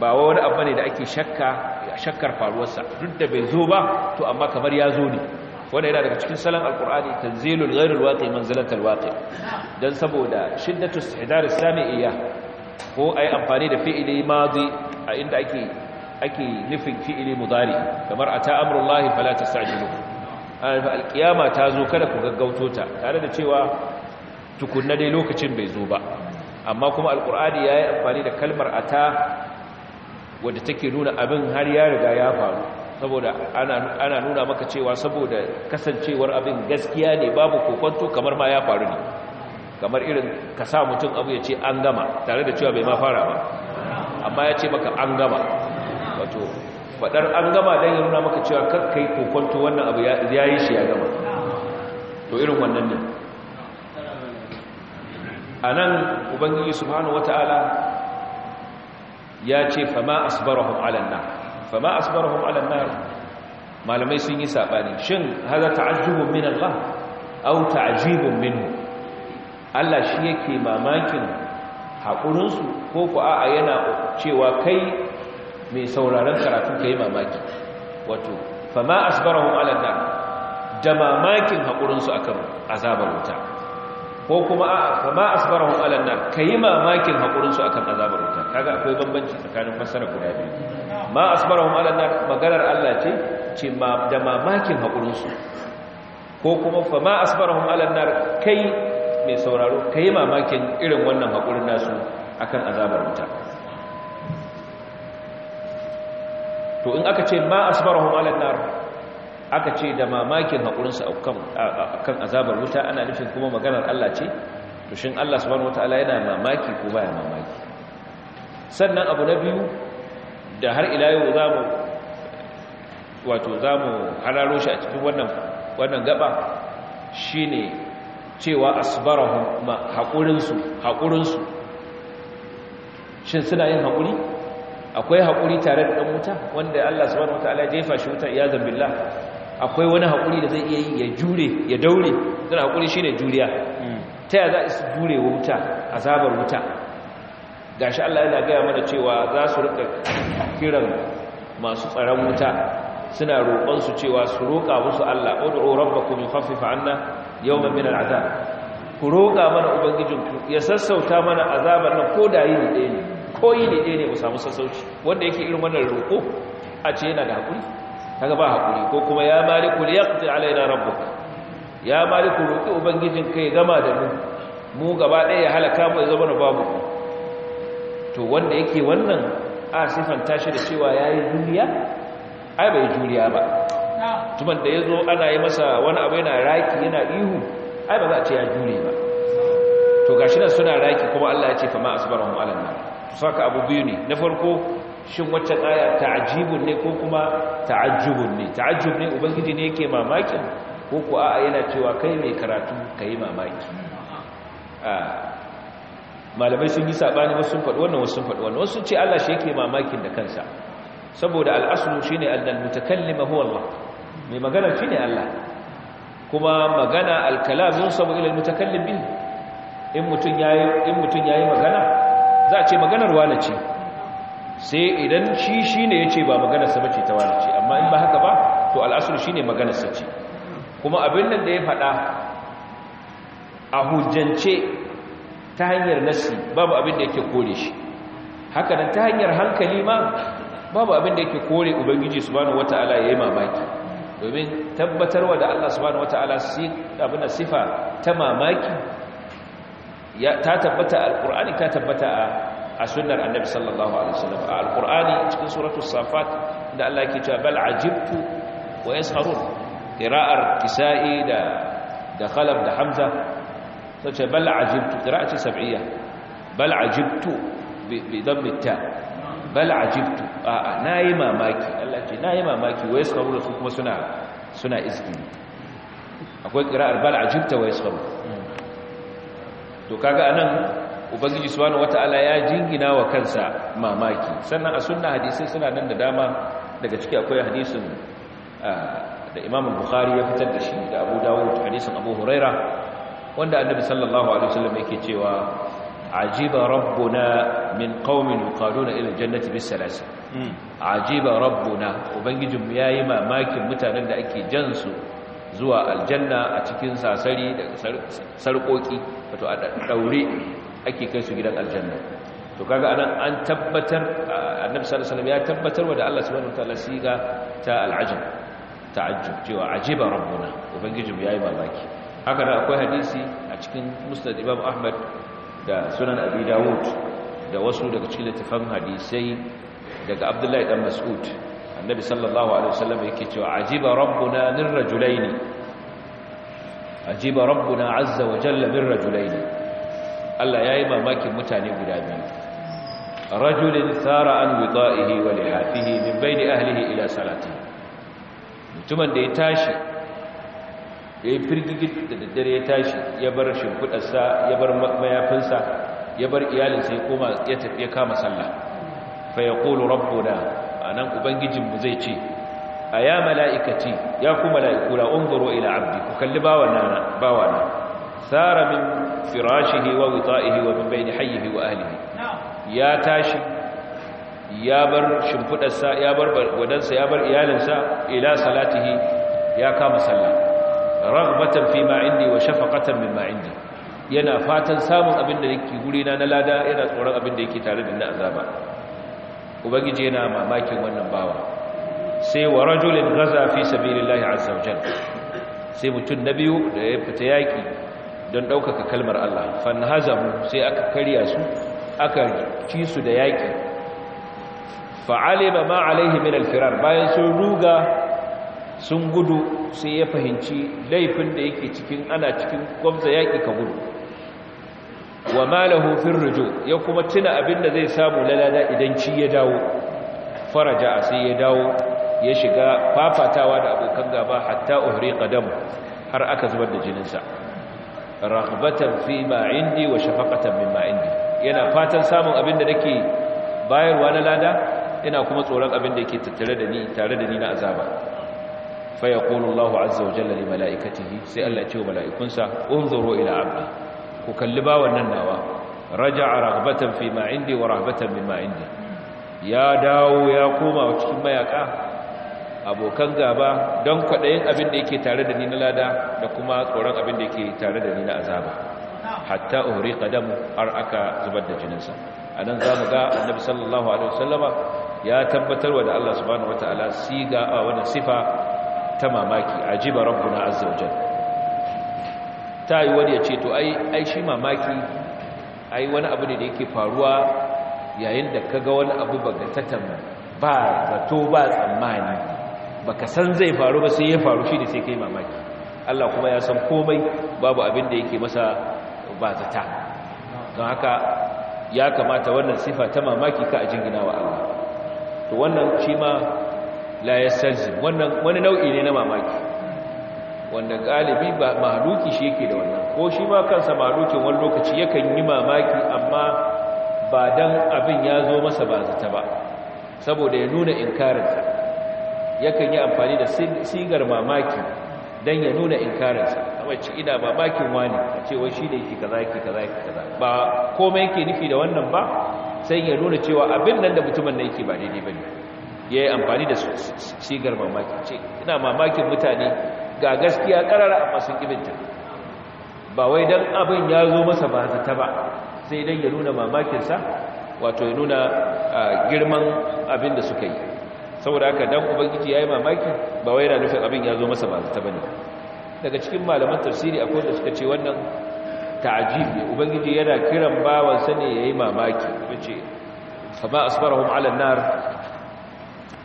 ba wani abu ne da ake shakka shakkar faruwarsa duk da bai zo ba to amma kamar ya zo ne wanda yana daga cikin salon alkur'ani tanzilul ghairul waqi manzilatul waqi dan saboda shiddatu istihdar sami'iyya ko ai amfani da fi'ili madi a inda ake ake nufin fi'ili mudari kamar ata amrullahi fala tastajilu alqiyama ta zo kada ku gaggauto ta tare da cewa tukunna dai lokacin bai zo ba amma kuma alkur'ani yayi amfani da kalmar ata wadda take nuna abin har ya riga ya faru saboda ana nuna maka cewa saboda kasancewar abin gaskiya ne babu kokonto kamar ma ya faru ne kamar irin ka sa mutum abu ya ce an gama tare da cewa bai ma fara ba amma ya ce maka an gama wato faɗar an gama don ya nuna maka cewa kakai kokonto wannan abu ya yi shi ya gama to irin wannan ne a nan ubangiji subhanahu wata'ala ya ce fama asbarahum alanna fama asbarahum ala nar malamai sun yi saɓani. shin hada ta'ajjubun min Allah aw ta'jibun minhu Allah shi yake mamakin hakurin ko ku a'a yana cewa kai mai sauraron karatu kai mamaki wato fama asbarahum ala nar da mamakin haƙurinsu su akan azabar wuta ko kuma a kama asbarahum alan nar kai mamakin hakurin su akan azabar wuta kaga akwai bambanci tsakanin fassara guda biyu ma asbarahum alan nar maganar Allah ce ce ma da mamakin hakurin su ko kuma fa ma asbarahum alan nar kai mai sauraro kai mamakin irin wannan hakurin nasu akan azabar wuta to in aka ce ma asbarahum alan nar aka ce da mamakin haƙurinsa a kan azabar wuta ana nufin kuma maganar Allah ce tushin Allah subhanahu ala yana mamaki ko baya mamaki sannan abu na biyu da har ila za mu wato za mu hararo shi a cikin wannan gaba shi ne cewa asbarahun haƙurinsu haƙurinsu shin suna yin haƙuri akwai haƙuri tare da ɗan wuta wanda Allah subhanahu wata'ala jefa shi wuta iya zambilla akwai wani haƙuri da zai iya yi ya jure ya daure don haƙuri shi ne juriya ta yaya za su jure wa wuta azabar wuta ga shi Allah yana gaya mana cewa za su rika kiran masu tsaron wuta suna roƙonsu cewa su roƙa musu Allah ud'u rabbakum yukhaffifa 'anna yawman min al'azab ku roƙa mana ku ya sassauta mana azabar nan ko da ne ɗaya ne ko yi ne ɗaya ne mu samu sassauci wanda yake irin wannan roƙo a ce yana da haƙuri kaga ba hakuri ko kuma ya maliku liyaqdi alaina rabbuka ya maliku roki ubangijin kai gama da mu mu gaba ɗaya ya halaka mu zama na babu to wanda yake wannan a sifan tashi da cewa yayi duniya, ai bai juriya ba tuban da yazo ana yi masa wani abu yana raki yana ihu ai ba za a ce ya jure ba to gashi nan suna raki kuma Allah ya ce fa ma asbarahum alanna saka abu biyu ne na farko shin waccan aya ta'jibun ne ko kuma ta'ajjubun ne ta'ajjub ne ubangiji ne yake mamakin ko ku a'a yana cewa kai mai karatu kai mamaki malamai sun yi sabani wasu sun faɗi wannan wasu sun faɗi wannan wasu ce Allah shi yake mamakin da kansa saboda shi shine annal mutakallima huwa Allah mai magana shine Allah kuma magana al-kalam yusabu ila al-mutakallim bihi in mutun yayi in mutun yayi magana za a ce maganar wala ce sai idan shi shi ne ya ce ba maganarsa ba ce ta wani ce amma in ba haka ba to al'asur shi ne maganarsa ce kuma abin nan da ya faɗa a hujjance ta hanyar nasi babu abin da yake kore shi haka nan ta hanyar hankali ma babu abin da yake kore ubangiji su wata wata'ala ya yi mamaki domin tabbatarwa da Allah su subhanahu wata'ala abin sifa ta mamaki ta tabbata alƙur'ani ta tabbata a a sunnar annabi sallallahu alaihi wasallam a alqur'ani cikin suratul safat da Allah yake cewa bal ajibtu wa yasharun qira'ar kisa'i da da khalaf da hamza sai ce bal ajibtu qira'ati sab'iyya bal ajibtu bi dammi ta bal ajibtu a nayi mamaki Allah ce nayi mamaki wa yasharun su kuma suna suna izgini akwai qira'ar bal ajibta wa yasharun to kaga anan ubangiji subhanahu wataala ya jingina wa kansa mamaki sannan a sunna hadisi suna nan da dama daga ciki akwai hadisin ah, da Imam Bukhari ya fitar da shi da Abu Dawud hadisin Abu Huraira wanda Annabi sallallahu alaihi wasallam yake cewa ajiba rabbuna min qaumin yuqaduna ila bis salasi hmm. ajiba rabbuna ubangijin ya yi mamakin mutanen da ake jan su zuwa aljanna a cikin sasari da sarkoki wato a daure ake kai su gidan aljanna to kaga anan an tabbatar annabi sallallahu alaihi ya tabbatar wa da Allah subhanahu wataala siga ta al'ajab ta'ajjub cewa ajiba rabbuna ubangijin yayi mamaki haka da akwai hadisi a cikin musnad imam ahmad da sunan abi dawud da wasu daga cikin littafan hadisai daga abdullahi dan mas'ud annabi sallallahu alaihi wasallam yake cewa ajiba rabbuna lirrajulaini ajiba rabbuna azza wa jalla lirrajulaini Allah ya yi mamakin mutane guda biyu rajulin tsara an wita'ihi wa lihafihi min da ahlihi ila salati mutumin da ya tashi ya yi firgigit da daddare ya tashi ya bar shimfudarsa, ya bar mayafinsa ya bar iyalinsa ya koma ya tafi ya kama sallah fa ya kolo rabbuna a nan ubangijinmu zai ce a ya mala'ikaci, ya kuma la'ikula ungoro ila abdi ku kalli bawana tsara min firashihi wa wita'ihi wa bayni hayyihi wa ahlihi ya tashi ya bar shimfidarsa ya bar wadansa ya bar iyalinsa ila salatihi ya kama sallah raghbatan fi ma indi wa shafaqatan mimma indi yana fatan samun abin da yake guri na lada yana tsoron abin da yake tare da azaba ubangiji yana mamakin wannan bawa sai wa rajulin gaza fi sabilillahi azza sai mutum na biyu da ya fita yaki don ɗaukaka kalmar Allah fanhazamu sai aka karya su aka ci su da yaƙi fa'alima ma alaihi min alfirar bayan sun ruga sun gudu sai ya fahimci laifin da yake cikin ana cikin gwamza yaƙi ka gudu wa malahu firrujo ya kuma tuna abin da zai samu lalada idan ci ya dawo faraja sai ya dawo ya shiga fafatawa da abokan gaba hatta uhriqa dam har aka zubar da jininsa raghbatan fi ma indi wa shafaqatan mimma indi yana fatan samun abin da nake bayarwa na lada ina kuma tsoron abin da yake tattare da ni tare da ni na azaba fa yaqulu Allahu azza wa jalla li malaikatihi sai Allah ya ce wa malaikunsa unzuru ila abdi ku kalli bawan nan nawa raja'a raghbatan fi ma indi wa rahbatan mimma indi ya dawo ya koma cikin mayaka abokan gaba don kwaɗayin abin da yake tare da ni na lada da kuma tsoron abin da yake tare da ni na azaba hatta ori kadam har aka zubar da jininsa a nan za mu ga annabi sallallahu alaihi wasallama ya tabbatar da Allah subhanahu wataala siga a wani sifa ta mamaki ajiba rabbuna azza wa jalla ta yi wani ya ce to ai ai shi mamaki ai wani abu ne da yake faruwa yayin da kaga wani abu tattalin ba zato ba tsammani Ba ka san zai faru ba sai ya faru shi da sai kai mamaki Allah kuma ya san komai babu abin da yake masa ba zata don haka ya kamata wannan sifa ta mamaki ka a jingina wa Allah to wannan shi ma la yasalzim wannan wani nau'i ne na mamaki wanda galibi ba mahluki shi yake da wannan ko shi ma kansa mahalukin wani lokaci yakan yi mamaki amma ba dan abin ya zo masa ba zata ba saboda ya nuna inkarinsa yakan yi amfani da sigar mamaki don ya nuna inkarinsa amma ci ina mamakin wani a cewa shi da yake kaza yake kaza yake kaza ba komai yake nufi da wannan ba sai ya nuna cewa abin nan da mutumin na yake ba daidai ba ne ya yi amfani da sigar mamaki ce ina mamakin mutane ga gaskiya karara amma sun ƙibinta ba wai don abin ya zo masa ba zata ba sai don ya nuna mamakinsa wato ya nuna ah, girman abin da suka yi saboda haka dan ubangiji yayi mamaki ba wai yana nufin abin ya zo masa ba ta bane daga cikin malaman tafsiri akwai da suka ce wannan ta'jib ne ubangiji yana kiran bawan sa ne yayi mamaki bace kama asbarahum ala nar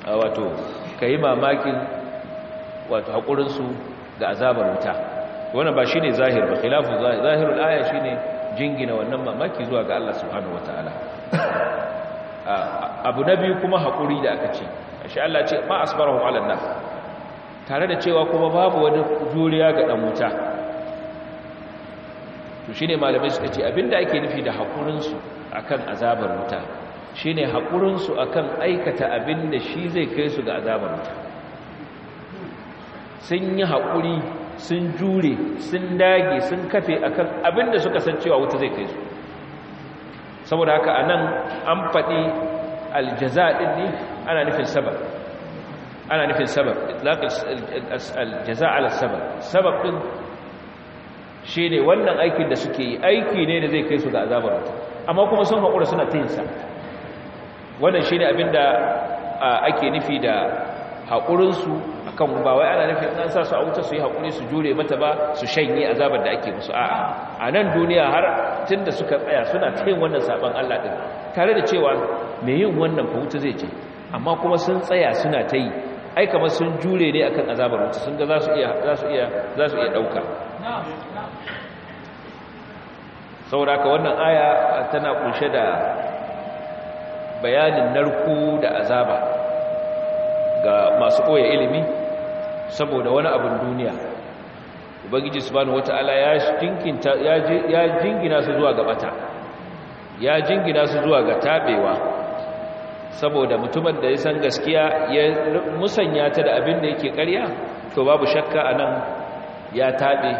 wato kai mamakin wato hakurin su ga azabar wuta wannan ba shine zahir ba khilafu zahir zahirul aya shine jingina wannan mamaki zuwa ga Allah subhanahu wataala abu na biyu kuma hakuri da aka ce ashe Allah ce ma asbarahum ala nar tare da cewa kuma babu wani juriya ga dan wuta to shine malamai suka ce abinda ake nufi da hakurin su akan azabar wuta shine hakurin su akan aikata abinda shi zai kai su ga azabar wuta sun yi hakuri sun jure sun dage sun kafe akan abinda suka san cewa wuta zai kai su saboda haka anan an faɗi aljaza ɗin ne ana nufin sabab ana nufin sabab jaza ala sabab sabab din ne wannan aikin da suke yi aiki ne da zai kai su ga azabar wata amma kuma sun haƙura suna ta yin sa wannan shine abinda ake nufi da haƙurinsu a kan ba wai ana nufin an sa su a wuta su yi haƙuri su jure mata ba su shanye azabar da ake musu a'a a nan duniya har tun da suka tsaya suna ta yin wannan saɓon allah ɗin tare da cewa mai yin wannan fa wuta zai ce amma kuma sun tsaya suna ta yi ai kamar sun jure ne akan azabar wuta sun ga za su iya za su iya wannan aya tana kunshe da bayanin narku da azaba ga masu koya ilimi saboda wani abin duniya ubangiji subhanahu wataala ya jinkinta ya jingina su zuwa ga bata ya jingina su zuwa ga tabewa saboda mutumin da ya san gaskiya ya musanya ta da abin da yake ƙarya to babu shakka a nan ya taɓe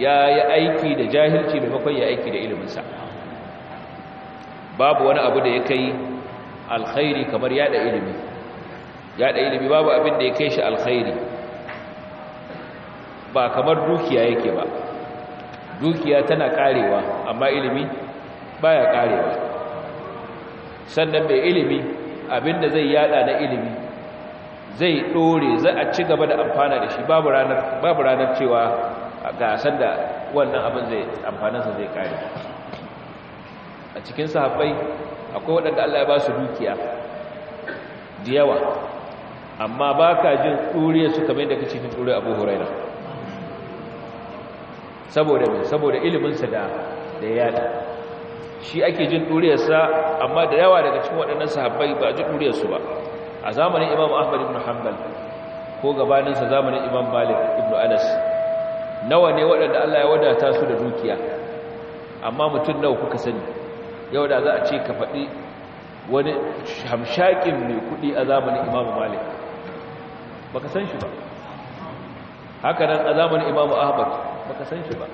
ya yi aiki da jahilci makon ya aiki da iliminsa babu wani abu da ya kai alkhairi kamar yada ilimi yada ilimi babu abin da ya kai shi alkhairi ba kamar dukiya yake ba dukiya tana karewa amma ilimi baya karewa sannan mai ilimi abinda zai yada na ilimi zai dore za a ci gaba da amfana da shi babu ranar babu ranar cewa ga da wannan abin zai sa zai kare a cikin sahabbai akwai wadanda Allah ya ba su dukiya da yawa amma ba ka jin ɗuriya su kamar da kace cikin ɗuriya abu huraira saboda saboda saboda iliminsa da da yada shi ake jin ɗuriyarsa amma da yawa daga cikin waɗannan sahabbai ba ji duriyarsu ba a zamanin imam ahmad ibn hanbal ko gabaninsa zamanin imam malik ibn anas nawa ne waɗanda allah ya wadata su da dukiya amma mutum nawa kuka sani yau da za a ce ka faɗi wani hamshakin mai kuɗi a zamanin imam malik baka san shi ba haka nan a zamanin imam ahmad baka san shi ba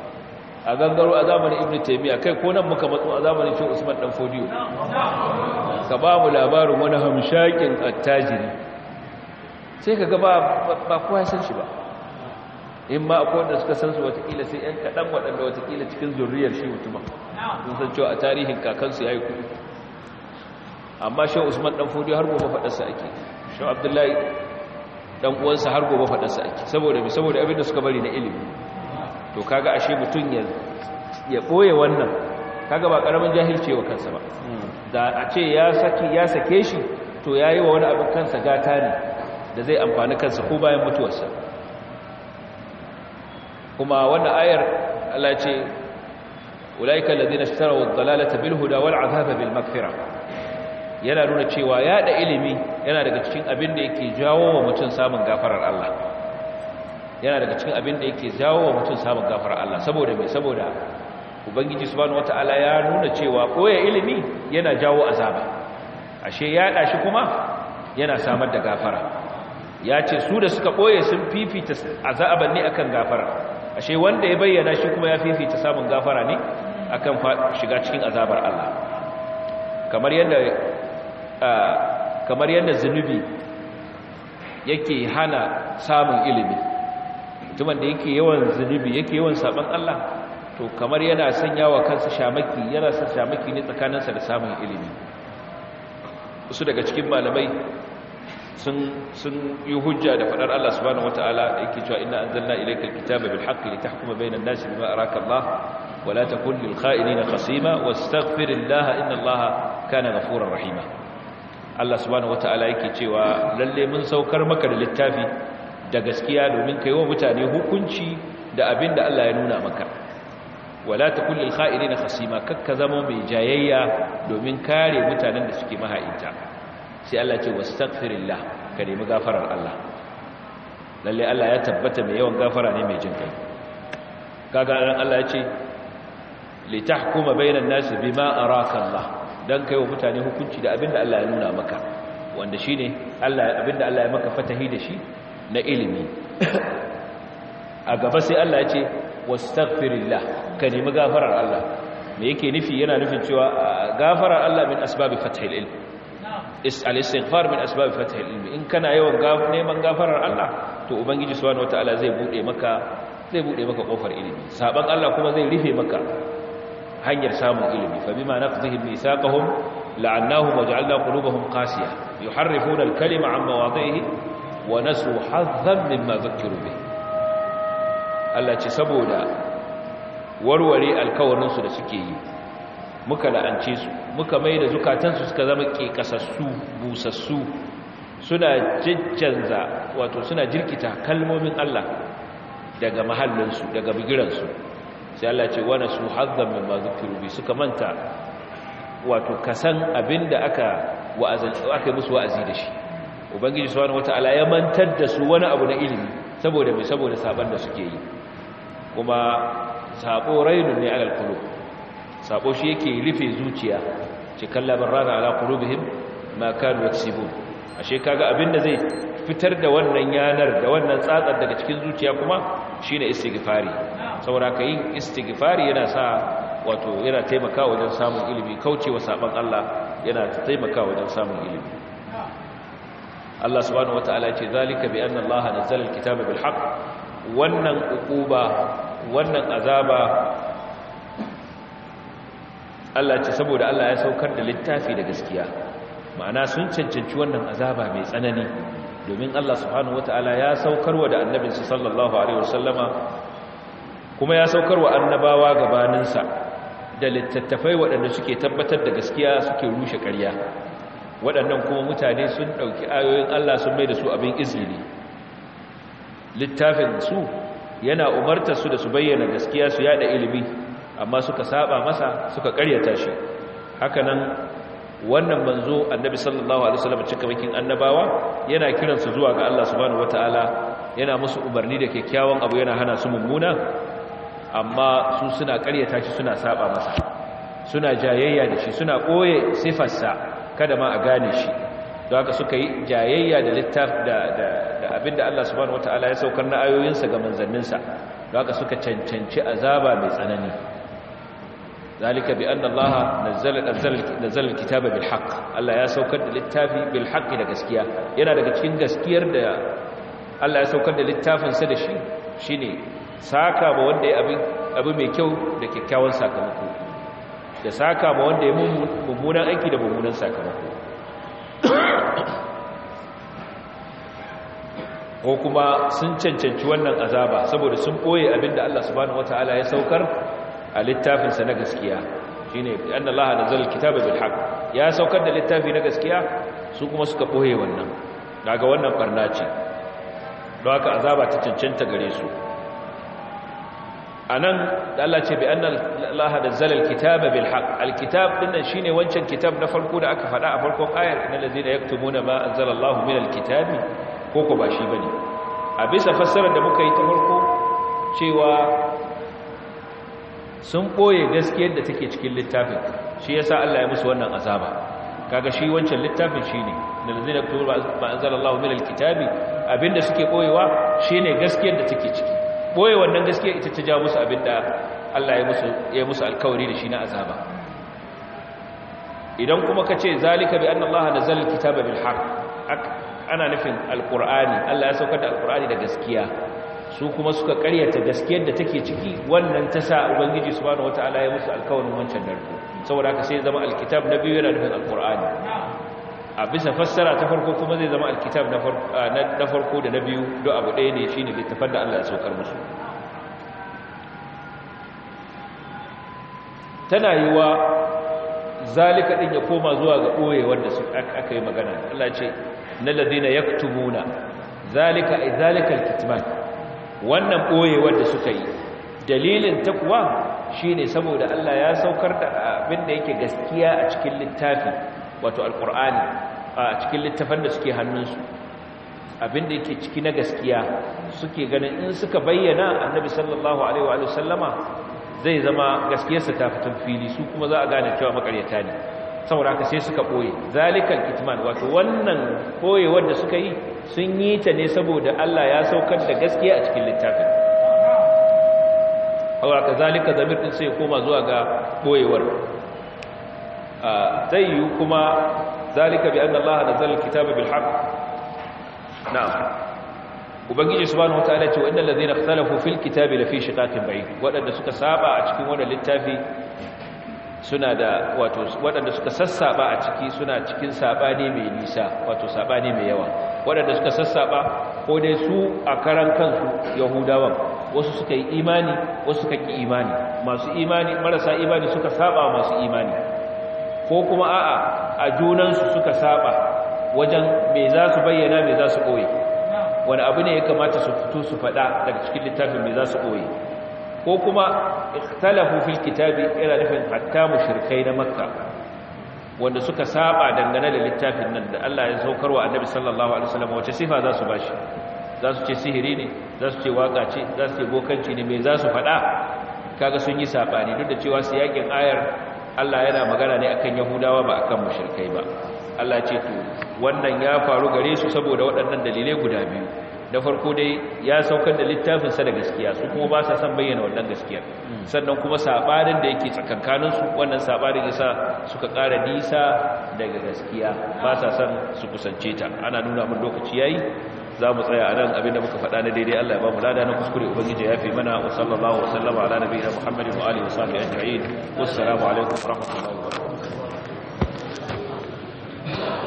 a gangaro a zamanin ibn taymiya kai ko nan muka matsu a zamanin shi usman dan fodiyo ka ba mu labarin wani hamshakin attajiri sai ka ga ba kowa ya san shi ba in ma akwai wanda suka san su watakila sai yan kaɗan waɗanda watakila cikin zurriyar shi mutuma sun san cewa a tarihin kakansu ya yi kudu amma shi usman dan fodiyo har gobe faɗarsa ake shi abdullahi ɗan uwansa har gobe faɗarsa ake saboda bi saboda abinda suka bari na ilimi to kaga ashe mutum ya ya boye wannan kaga ba karamin jahilce wa kansa ba da a ce ya saki ya sake shi to yayi wa wani abin kansa gata ne da zai amfani kansa ko bayan mutuwarsa kuma wannan ayar Allah ce ulaika alladhina ishtaraw ad-dalalata bil huda wal azaba bil maghfira yana nuna cewa yada ilimi yana daga cikin abin da yake jawo wa mutum samun gafarar Allah yana daga cikin abin da yake jawo wa mutum samun gafara Allah saboda mai saboda ubangiji subhanahu wataala ya nuna cewa koya ilimi yana jawo azaba ashe ya shi kuma yana samar da gafara ya ce su da suka koye sun fifita azaban ne akan gafara ashe wanda ya bayyana shi kuma ya fifita samun gafara ne akan shiga cikin azabar Allah kamar yadda kamar yadda zunubi yake hana samun ilimi mutumin da yake yawan zunubi yake yawan saban Allah to kamar yana sanya wa kansa shamaki yana sa shamaki ne tsakaninsa da samun ilimi wasu daga cikin malamai sun sun yi hujja da fadar Allah subhanahu wataala yake cewa inna anzalna ilayka alkitaba bil haqqi litahkuma bayna an-nasi bima araka Allah wa la takun lil kha'inina khasima wastaghfirillaha inna allah kana ghafurur rahima Allah subhanahu wataala yake cewa lalle mun saukar maka da littafi da gaskiya domin kai wa mutane hukunci da abin da Allah ya nuna maka wala takul lil na khasima kakka zama mai jayayya domin kare mutanen da suke maha'inta sai Allah ce wastaghfirillah ka nemi gafarar Allah lalle Allah ya tabbata mai yawan gafara ne mai jin kai kaga ran Allah ya ce li tahkuma bainan nas bima araka Allah dan kai wa mutane hukunci da abin da Allah ya nuna maka wanda shine Allah abin da Allah ya maka fatahi da shi na ilimi a gaba sai Allah ya ce wastaghfirillah ka nemi gafarar Allah me yake nufi yana nufin cewa gafarar Allah min asbabi fathil ilm is al-istighfar min asbabi fathil ilm in kana yawan neman gafarar Allah to ubangiji subhanahu wataala zai bude maka zai bude maka kofar ilimi saban Allah kuma zai rufe maka hanyar samun ilimi fa bima naqdihim misaqahum la'annahum wa qulubahum qasiyah yuharrifuna al-kalima 'an mawadhihi wa nasu hazzan mimma zakiru bi Allah ce saboda warware alkawarinsu da suke yi muka la'ance su muka mai da zukatansu suka zama kasassu busassu suna jajjanza wato suna jirkita kalmomin Allah daga mahallinsu daga bigiransu sai Allah ce wa nasu hazzan mimma zakiru bi suka manta wato kasan abinda aka wa'azin aka musu wa'azi da shi ubangiji subhanahu wataala ya mantar da su wani abu na ilimi saboda mai saboda saban da suke yi kuma sabo rainun ne alal qulub sabo shi yake rufe zuciya cikin rana ala qulubihim ma kanu yaksibun ashe kaga abinda zai fitar da wannan yanar da wannan tsatsar daga cikin zuciya kuma shine istighfari saboda ka yin istighfari yana sa wato yana taimakawa wajen samun ilimi kaucewa sabon Allah yana taimakawa wajen samun ilimi Allah subhanahu wataala ce zalika bi anna Allah nazzala alkitaba bil haqq wannan uquba wannan azaba Allah ce saboda Allah ya saukar da littafi da gaskiya ma'ana sun cancanci wannan azaba mai tsanani domin Allah subhanahu wataala ya saukarwa da annabinsa sallallahu alaihi wasallama kuma ya saukarwa annabawa gabaninsa da littattafai waɗanda suke tabbatar da gaskiya suke rushe ƙarya waɗannan kuma mutane sun ɗauki ayoyin Allah sun mai da su abin izini littafin su yana umartar su da su bayyana gaskiya su yada ilimi amma suka saba masa suka karyata shi hakanan wannan manzo annabi sallallahu alaihi wasallam cikamakin annabawa yana kiran su zuwa ga Allah subhanahu wataala yana musu umarni da kyakkyawan abu yana hana su mummuna amma su suna karyata shi suna saba masa suna jayayya da shi suna koye sifarsa kada ma a gane shi don haka suka yi jayayya da littaf da abinda Allah subhanahu wataala ya saukar na ayoyinsa ga manzanninsa don haka suka cancanci azaba mai tsanani zalika bi anna Allah nazzala al-kitaba bil haqq Allah ya saukar da littafi bil da gaskiya yana daga cikin gaskiyar da Allah ya saukar da littafinsa da shi shine saka ba wanda ya abin abu mai kyau da kyakkyawan sakamako da saka ma wanda ya mummunan aiki da mummunan sakamako ko kuma sun cancanci wannan azaba saboda sun koye abinda Allah subhanahu ta'ala ya saukar a littafinsa na gaskiya ya anna Allah na kitaba bil haqq ya saukar da littafi na gaskiya su kuma suka koye wannan daga wannan barna ce don haka azaba ta cancanta gare su anan Allah ce bi anna Allah nazzala alkitaba bil haqq alkitab dinnan shine wancan kitab na farko da aka faɗa a farkon ayar innal ladina yaktumuna ma anzala Allah min alkitabi ko ko ba shi bane a bisa fassarar da muka yi ta farko cewa sun koye gaskiyar da take cikin littafin shi yasa Allah ya musu wannan azaba kaga shi wancan littafin shine da ladina yaktumuna ma anzala Allah min alkitabi abinda suke koyewa shine gaskiyar da take ciki boye wannan gaskiya ita ta ja musu abinda Allah ya musu ya musu alkawari da shi na azaba idan kuma kace zalika bi anna Allah nazzala alkitaba bil haqq ana nufin alqur'ani Allah ya saukar da alqur'ani da gaskiya su kuma suka karyata gaskiyar da take ciki wannan ta sa ubangiji subhanahu wataala ya musu alkawarin wancan narko saboda haka sai zama alkitab na biyu yana nufin alqur'ani a bisa fassara ta farko kuma zai zama alkitab na farko da na biyu duk abu ɗaya ne ne littafin da Allah ya saukar musu tana wa zalika din ya koma zuwa ga ɓoye wanda aka yi magana Allah ce na ladina yaktumuna zalika ay zalika alkitman wannan ɓoye wanda suka yi dalilin takwa shine saboda Allah ya saukar da abin da yake gaskiya a cikin littafi wato alkur'ani a cikin littafan da suke hannunsu abinda yake ciki na gaskiya suke ganin in suka bayyana annabi sallallahu alaihi wa sallama zai zama gaskiyarsa ta fitan fili su kuma za a gane cewa makaryata ne saboda haka sai suka boye zalikal kitman wato wannan boye wanda suka yi sun yi ta ne saboda Allah ya saukar da gaskiya a cikin littafin Allah ka zalika zamir din sai koma zuwa ga boyewar zai yi kuma zalika bi anna Allah nazzala alkitaba kitabu haqq na'am ubangiji su subhanahu wataala ce wa'annal ladzina ikhtalafu fil kitabi lafi shiqaqin ba'id Waɗanda suka saba a cikin wani littafi suna da wato waɗanda suka sassaba a ciki suna cikin saɓani mai nisa wato saɓani mai yawa waɗanda suka sassaba ko dai su a karan kansu yahudawan wasu suka yi imani wasu suka ƙi imani masu imani marasa imani suka saba masu imani ko kuma a'a a junansu suka saba wajen me za su bayyana me za su koyi wani abu ne ya kamata su fito su faɗa daga cikin littafin me za su koyi ko kuma ikhtalafu fil kitabi ila nufin hatta mushrikai na makka wanda suka saba dangane da littafin nan da Allah ya saukarwa annabi sallallahu alaihi wasallam wace sifa za su bashi za su ce sihiri ne za su ce waka ce za su ce bokanci ne me za su faɗa kaga sun yi sabani duk da cewa su yakin ayar Allah yana magana ne akan yahudawa ba akan mushrikai ba Allah ce to wannan ya faru gare su saboda waɗannan dalilai guda biyu na farko dai ya saukar da littafinsa da gaskiya su kuma ba sa san bayyana wannan gaskiyar sannan kuma sabarin da yake tsakankanin su wannan sabarin yasa suka ƙara nisa daga gaskiya ba sa san su kusance ta ana nuna mun lokaci yayi za mu tsaya a nan abinda muka faɗa na daidai Allah ya ba mu lada na kuskure ubangiji ya fi mana wa sallallahu wa sallama ala nabiyina muhammadin wa alihi wa sahbihi ajma'in wassalamu alaikum wa rahmatullahi wa barakatuh